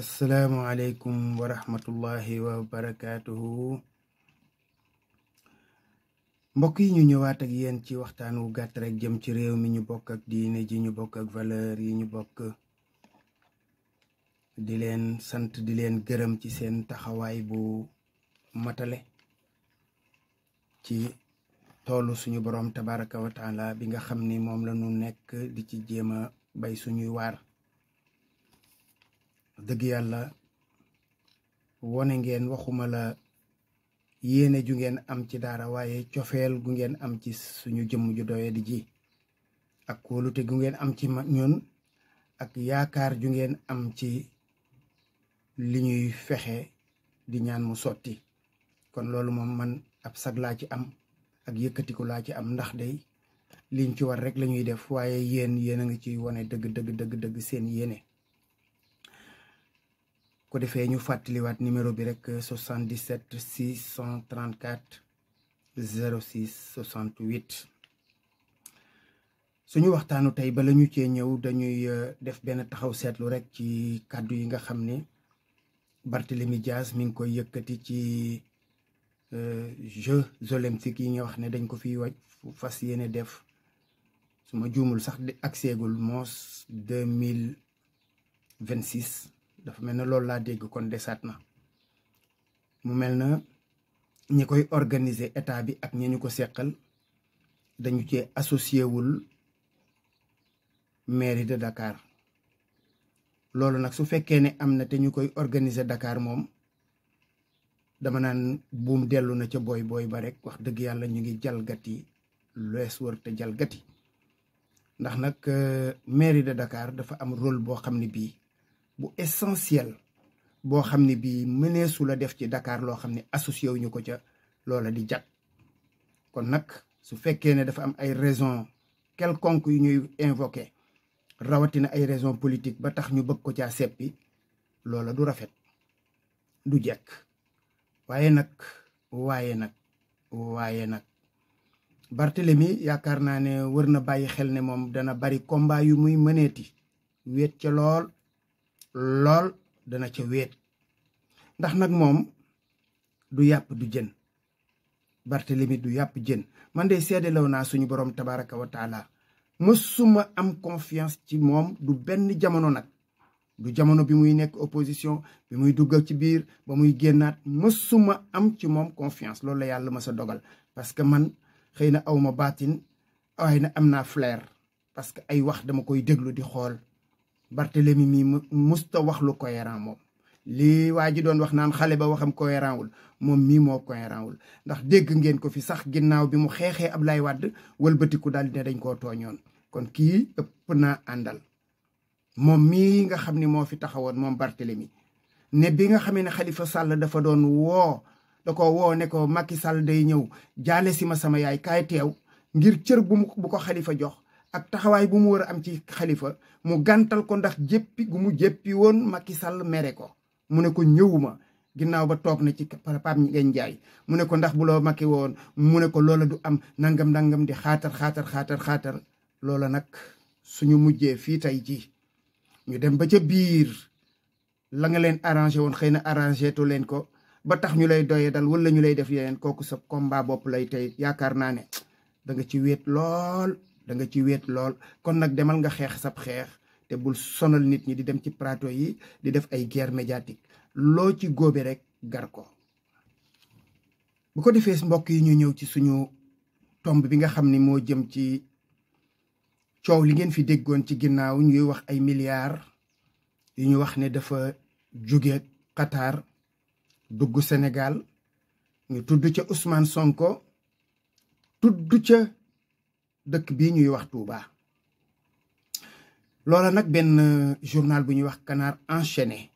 asalaamualeykum wa rahmatullahi wa mbokk yi ñu ñëwaat ak yéen ci waxtaan wu gàtt rek jëm ci réew mi ñu bokk ak diine ji ñu bokk ak valeur yi ñu bokk di leen sant di leen gërëm ci seen taxawaay bu matale ci toolu suñu boroom tabaraka wa taala bi nga xam ni moom la ñu nekk di ci jéem a bay suñuy waar dëgg yàlla wone ngeen waxuma la yéene ju ngeen am ci daara waaye cofeel gu ngeen am ci suñu jëmm ju doye di ji ak kóolute gu ngeen am ci ñun ak yaakaar ju ngeen am ci li ñuy fexe di ñaan mu sotti kon loolu moom man ab sag laa ci am ak yëkkatiku laa ci am ndax day liñ ci war rek lañuy def waaye yéen yéen a ngi ciy wone dëgg dëgg dëgg dëgg seen yéene ko defee ñu fàttaliwaat numéro bi rek 77 634 06 68 suñu waxtaanu tey bala ñu cee ñëw dañuy euh, def benn taxaw seetlu rek ci kàddu yi nga xam ne Barthélemy Diaz mi ngi koy yëkkati ci euh, Jeux olympiques yi nga wax ne dañ ko fiy waj fas yéene def su ma juumul sax di seegul moos deux mille vingt six dafa mel na loolu laa dégg kon desaat na mu mel na ñi koy organiser état bi ak ñi ñu ko seqal dañu cee associé wul mairie de Dakar loolu nag su fekkee ne am na te ñu koy organiser Dakar moom dama naan buum dellu na ca booy booy ba rek wax dëgg yàlla ñu ngi jalgati lees wër te jalgati ndax nag euh, mairie de Dakar dafa am rôle boo xam ne bii. bu essentiel boo xam ne bii mëneesu la def ci Dakar loo xam ne associé wuñu ko ca loola di jag kon nag su fekkee ne dafa am ay raison quelconque yu ñuy invoké rawatina ay raison politique ba tax ñu bëgg ko caa seppi loola du rafet du jekk waaye nag waaye nag waaye nag Barthélemy yaakaar naa ne wër na bàyyi xel ne moom dana bari combat yu muy mëneeti wéet ca lool lool dana ca wéet ndax nag moom du yàpp du jën Barthélemy du yàpp jën man de seedelaw naa suñu borom tabaraka wa taala mësuma am confiance ci moom du benn jamono nag du jamono bi muy nekk opposition bi muy duggal ci biir ba muy génnaat mësuma am ci moom confiance loolu la yàlla ma sa dogal parce que man xëy na awma baatin waaye na am naa flair parce que ay wax dama koy déglu di xool Barthélemy mi musta wax lu cohérent moom lii waa ji doon wax naan xale ba waxam cohérent wul moom mii moo cohérent ndax dégg ngeen ko fi sax ginnaaw bi mu xeexee ab Wade wëlbatiku walbatiku di ne dañ koo tooñoon kon kii ëpp naa àndal moom mii nga xam ni moo fi taxawoon moom Barthélemy ne bi nga xamee ne Khalifa Sall dafa doon woo da ko woo ne ko Macky Sall day ñëw jaale si ma sama yaay kaay teew ngir cër bu ko xalifa jox ak taxawaay bu mu war a am ci xalifa mu gàntal ko ndax jéppi gu mu jéppi woon Macky Sall mere ko mu ne ko ñëwuma ginnaaw ba toog na ci Pape Ngeen Njaay mu ne ko ndax bu loo Macky woon mu ne ko loola du am nangam nangam di xaatar xaatar xaatar xaatar loola nag suñu mujjee fii tey ji ñu dem ba ca biir la nga leen arrangé woon xëy na arrangé tu leen ko ba tax ñu lay doyee dal walla ñu lay def yeneen kooku sa combat bopp lay tey yaakaar naa ne nga ci wéet lool da nga ci wéet lool kon nag demal nga xeex sab xeex te bul sonal nit ñi di dem ci plateau yi di def ay guerre médiatique loo ci góobe rek gar ko bu ko defee mbokk yi ñu ñëw ci suñu tomb bi nga xam ni moo jëm ci coow li ngeen fi déggoon ci ginnaaw ñuy wax ay milliards yu ñu wax ni dafa jóge Qatar dugg senegal ñu tudd ca usmaan Sonko tudd ca dëkk bii ñuy wax Touba loola nag benn euh, journal bu ñuy wax Canard enchaîné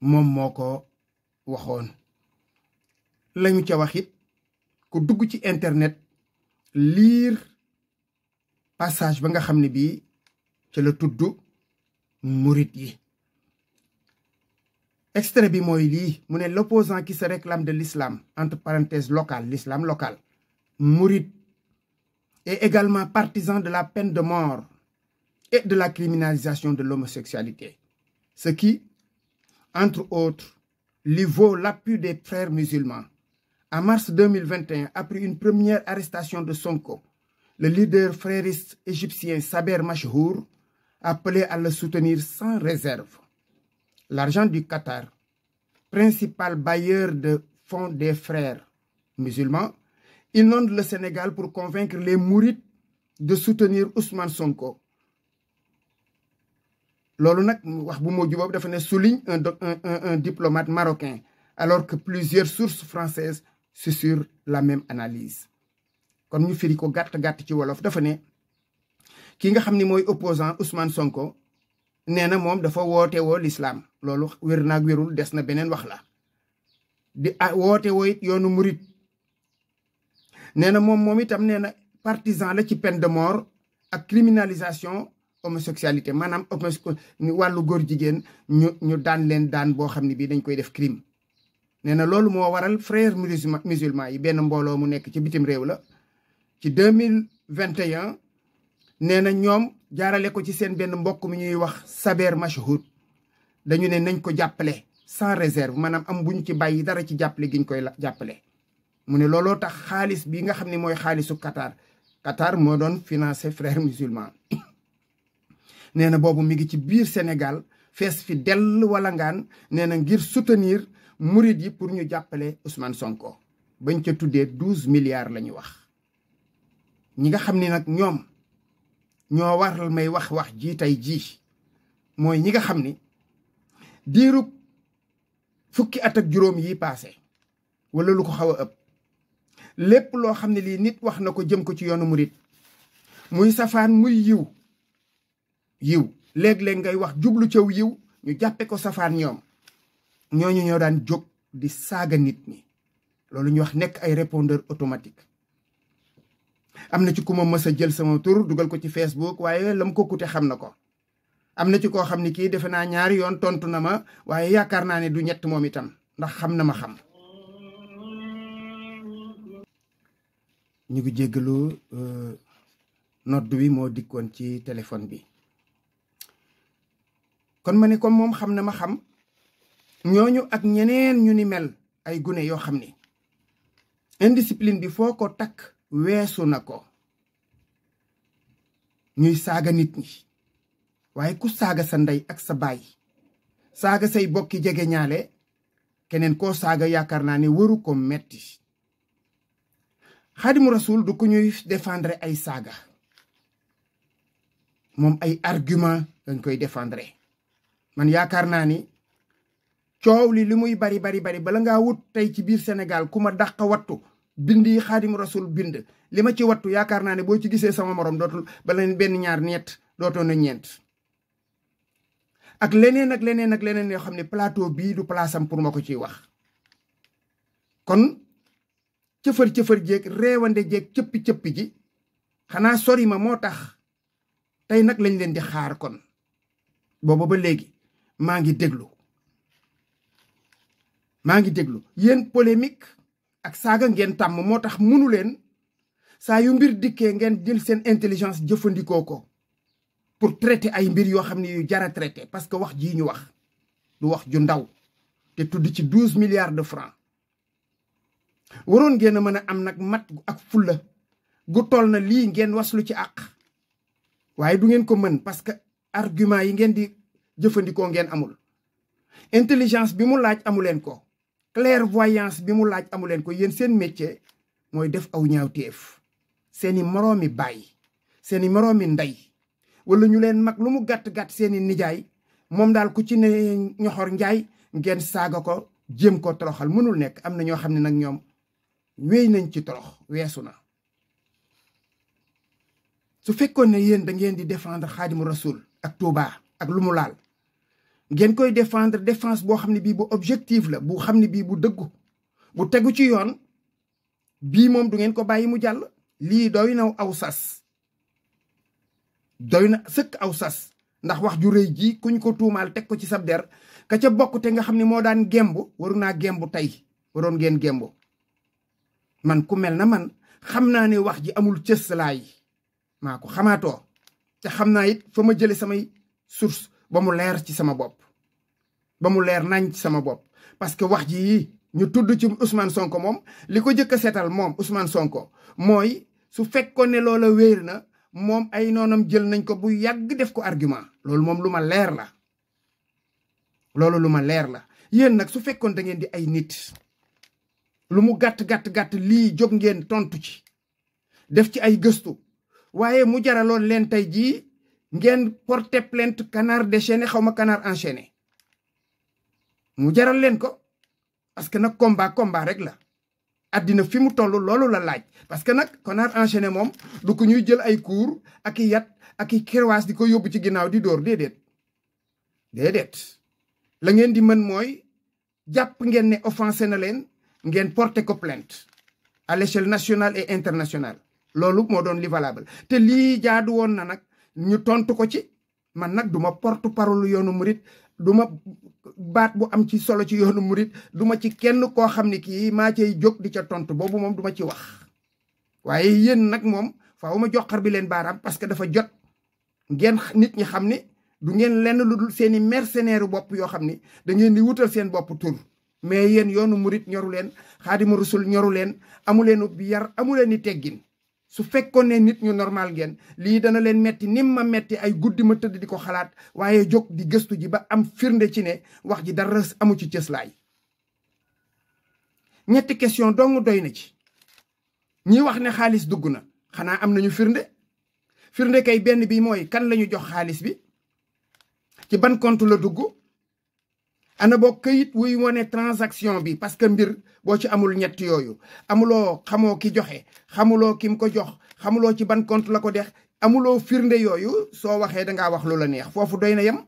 moom moo ko waxoon lañu ca wax it ku dugg ci internet liir passage ba nga xam ni bii ca la tudd murit yi extrait bi mooy lii mu ne l'opposant qui se réclame de l'islam entre parenthèses locale l'islam local murit est également partisan de la peine de mort et de la criminalisation de l'homosexualité, ce qui, entre autres, lui vaut l'appui des frères musulmans. En mars 2021, après une première arrestation de Sonko, le leader frériste égyptien Saber Machhour appelé à le soutenir sans réserve. L'argent du Qatar, principal bailleur de fonds des frères musulmans, inonde le Sénégal pour convaincre les mourides de soutenir Ousmane Sonko loolu nag wax bu mujj boobu dafa ne souligne un un un diplomate marocain alors que plusieurs sources françaises susurrent la même analyse kon ñu firi ko gàtt gàtt ci wolof dafa ne ki nga xam ni mooy opposant Ousmane Sonko nee na moom dafa woote woo l'islam loolu wér naag wérul des na beneen wax la di ah, woote woo it yoonu murit nee na moom moom itam nee na partisan la ci peine de mort ak criminalisation homosexualité maanaam wàllu góor jigéen ñu ñu daan leen daan boo xam ne bii dañ koy def crime. nee na loolu moo waral frères musulmans yi benn mbooloo mu nekk ci bitim réew la ci deux mille vingt et nee na ñoom jaarale ko ci seen benn mbokk mi ñuy wax Saber Machhoud dañu ne nañ ko jàppale sans réserve maanaam am buñ ci bàyyi dara ci jàppale giñ koy jàppale. mu ne looloo tax xaalis bi nga xam ni mooy xaalisu Qatar Qatar moo doon financé frère musulman nee na boobu mi ngi ci biir senegal fees fi dell walla ngaan nee na ngir soutenir murid yi pour ñu jàppale usman Sonko bañ ca tuddee douze milliards la ñu wax ñi nga xam ni nag ñoom ñoo waral may wax-wax ji tey jii mooy ñi nga xam ni diirub fukki at ak juróom yi paase wala lu ko xaw a ëpp lépp loo xam ne lii nit wax na ko jëm ko ci yoonu mu murit muy safaan muy yiw yiw léeg-léeg ngay wax jublu caw yiw ñu jàppe ko safaan ñoom ñooñu ñoo daan jóg di saaga nit ñi loolu ñu wax nekk ay répondeur automatique am na ci ku ma mës a jël sama tur dugal ko ci Facebook waaye lam ko xam na ko am na ci koo xam ne kii defe naa ñaari yoon tontu na ma waaye yaakaar naa ne du ñett moom itam ndax xam na ma xam ñu ngi jéggalu euh, nodd wi moo dikkoon ci téléphone bi kon ma ne comme moom xam na ma xam ñooñu ak ñeneen ñu ni mel ay gune yoo xam ni indiscipline bi foo ko takk weesu na ko ñuy saaga nit ñi waaye ku saaga sa ndey ak sa baay saaga say bokki jege ñaale keneen koo saaga yaakaar naa ni waru ko metti xaadimu rasul du ko ñuy défendre ay saaga moom ay argument lañ koy défendre man yaakaar naa ni coow li li muy bari bari bari bala ngaa wut tey ci biir Sénégal ku ma dàq wattu bind yi xaadimu rasul bind li ma ci wattu yaakaar naa ne boo ci gisee sama morom dootul bala benn ñaar ñett dootoo na ñeent ak leneen ak leneen ak leneen yoo xam ne plateau bii du place am pour ma ko ciy wax kon cëfër-cëfër jéeg reewande jéeg cëppi cëpp ji xanaa sori ma moo tax tey nag lañ leen di xaar kon booba ba léegi maa ngi déglu maa ngi déglu yéen polémique ak saaga ngeen tàmm moo tax mënu leen saa yu mbir dikkee ngeen jël seen intelligence jëfandikoo ko pour traité ay mbir yoo xam ne yu jar a parce que wax jii ñu wax lu wax ju ndaw te tudd ci douze milliards de francs waroon ngeen a mën a am nag mat ak fulla gu toll na lii ngeen waslu ci àq waaye du ngeen ko mën parce que argument yi ngeen di jëfandikoo ngeen amul intelligence bi mu laaj amuleen ko clairvoyance bi mu laaj amuleen ko yéen seen métier mooy def aw ñaawteef seeni moroomi baay seeni moroomi ndey wala ñu leen mag lu mu gàtt-gàtt seeni nijaay moom daal ku ci ne ñoxor njaay ngeen saaga ko jéem ko toroxal mënul nekk am na ñoo xam ne nag ñoom wéy nañ ci torox weesu na su fekkoon ne yéen da ngeen di défendre xaadimu rasul ak Touba ak lu mu laal ngeen koy defendre défense boo xam ne bii bu objectif la bu xam ne bii bu dëggu bu tegu ci yoon bii moom du ngeen ko bàyyi mu jàll lii dooy naw aw sas doy na sëkk aw sas ndax wax ju rëy ji kuñ ko tuumaal teg ko ci sab der ka ca bokk nga xam ne moo daan gemb waru naa gemb tey waroon ngeen gembu man ku mel na man xam naa ne wax ji amul cëslaay maa ko xamaatoo te xam naa it fa ma jële samay source ba mu leer ci sama bopp ba mu leer nañ ci sama bopp parce que wax ji yi ñu tudd ci Ousmane Sonko moom li ko jëkk a seetal moom Ousmane Sonko mooy su fekkoon ne loola wéer na moom ay noonam jël nañ ko bu yàgg def ko argument loolu moom lu ma leer la loolu lu ma leer la yéen nag su fekkoon da di ay nit lu mu gàtt-gàtt-gàtt lii jóg ngeen tontu ci def ci ay gëstu waaye mu jaraloon leen tey jii ngeen porter plainte kanaar déchaîné xaw ma kanaar enchaîné mu jaral leen ko parce que nag combat combat rek la addina fi mu toll loolu la laaj parce que nag canard enchaîné moom du ko ñuy jël ay cours ak i yat ak i kerwaas di ko yóbbu ci ginnaaw di dóor déedéet déedéet la ngeen di mën mooy jàpp ngeen ne offensé na leen ngeen porté ko plainte à l'échelle nationale et internationale loolu moo doon li valable te lii jaadu woon na nag ñu tontu ko ci man nag du ma porte parole yoonu murit du ma baat bu am ci solo ci yoonu murit du ma ci kenn koo xam ne kii maa cay jóg di ca tontu boobu moom du ma ci wax waaye yéen nag moom faaw ma joxar bi leen baaraam parce que dafa jot ngeen nit ñi xam ne du ngeen lenn lu dul seeni mercenaire bopp yoo xam ni da ngeen di wutal seen bopp tur mais yéen yoonu murit ñoru leen xaadimu rasul ñoru leen amu leen yar amu leen teggin su fekkoon ne nit ñu normal ngeen lii dana leen metti nim ma metti ay guddi ma tëdd di ko xalaat waaye jóg di gëstu ji ba am firnde ci ne wax ji dara amu ci cëslaay ñetti question dong doy na ci ñi wax ne xaalis dugg na xanaa am nañu firnde firnde kay benn bi mooy kan lañu jox xaalis bi ci ban compte la dugg ana boo këyit wuy wane transaction bi parce que mbir boo ci amul ñett yooyu amuloo xamoo ki joxe xamuloo kim ko jox xamuloo ci ban compte la ko dex amuloo firnde yooyu soo waxee dangaa wax lu la neex foofu doy na yem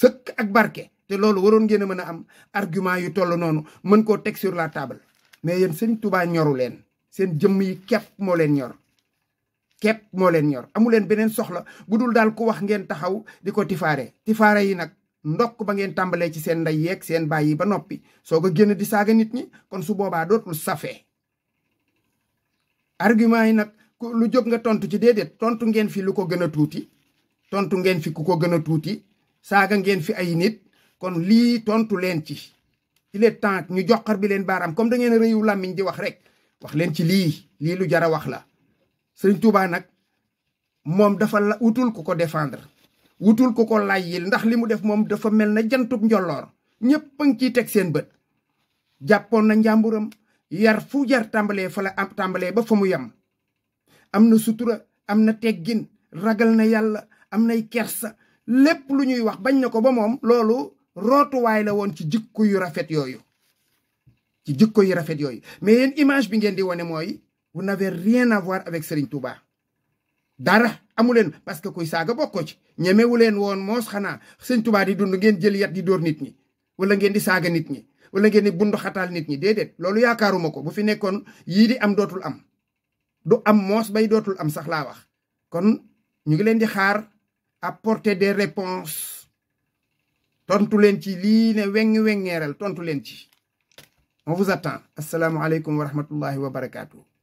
sëkk ak barke te loolu waroon ngeen a mën a am argument yu toll noonu mën koo teg sur la table mais yéen sëñ Tuubaa ñoru leen seen jëmm yi képp moo leen ñor képp moo leen ñor amu leen beneen soxla bu dul daal ku wax ngeen taxaw di ko tifaare tifaare yi nag ndokk ba ngeen tàmbalee ci seen ndey yeeg seen baay yi ba noppi soo ko génn di saaga nit ñi kon su boobaa dootul safee argument yi nag lu jóg nga tontu ci déedéet tontu ngeen lu ko gën a tuuti tontu ngeen fi ku ko gën a tuuti saaga ngeen fi ay nit kon lii tontu leen ci il est temps ñu joxar bi leen baaraam comme da ngeen a rëyu làmmiñ di wax rek wax leen ci lii lii lu jara wax la Sëriñ Tuubaa nag moom dafa la utul ku ko défendre wutul ku ko layyil ndax li mu def moom dafa mel na jantub njolloor ñëpp a ngi ciy teg seen bët jàppoon na njàmburam yar fu yar tàmbalee fa la tàmbalee ba fa mu yem am na sutura am na teggin ragal na yàlla am nay kersa lépp lu ñuy wax bañ na ko ba moom loolu rootuwaay la woon ci jikko yu rafet yooyu ci jikko yu rafet yooyu mais yéen image bi ngeen di wane mooy vous n'avez rien à voir avec Serigne Touba dara amu leen parce que kuy saaga bokkoo ci ñemewu leen woon moos xanaa sëñ tubaa di dund ngeen jël yat di door nit ñi wala ngeen di saaga nit ñi wala ngeen di bundu xataal nit ñi déedéet loolu yaakaaruma ko bu fi nekkoon yii di am dootul am du am moos bay dootul am sax laa wax kon ñu ngi leen di xaar apporter de réponses tontu leen ci lii ne weng wengeeral tontu leen ci on vous attend asalaamualeykum wa rahmatullahi wa barakaatu.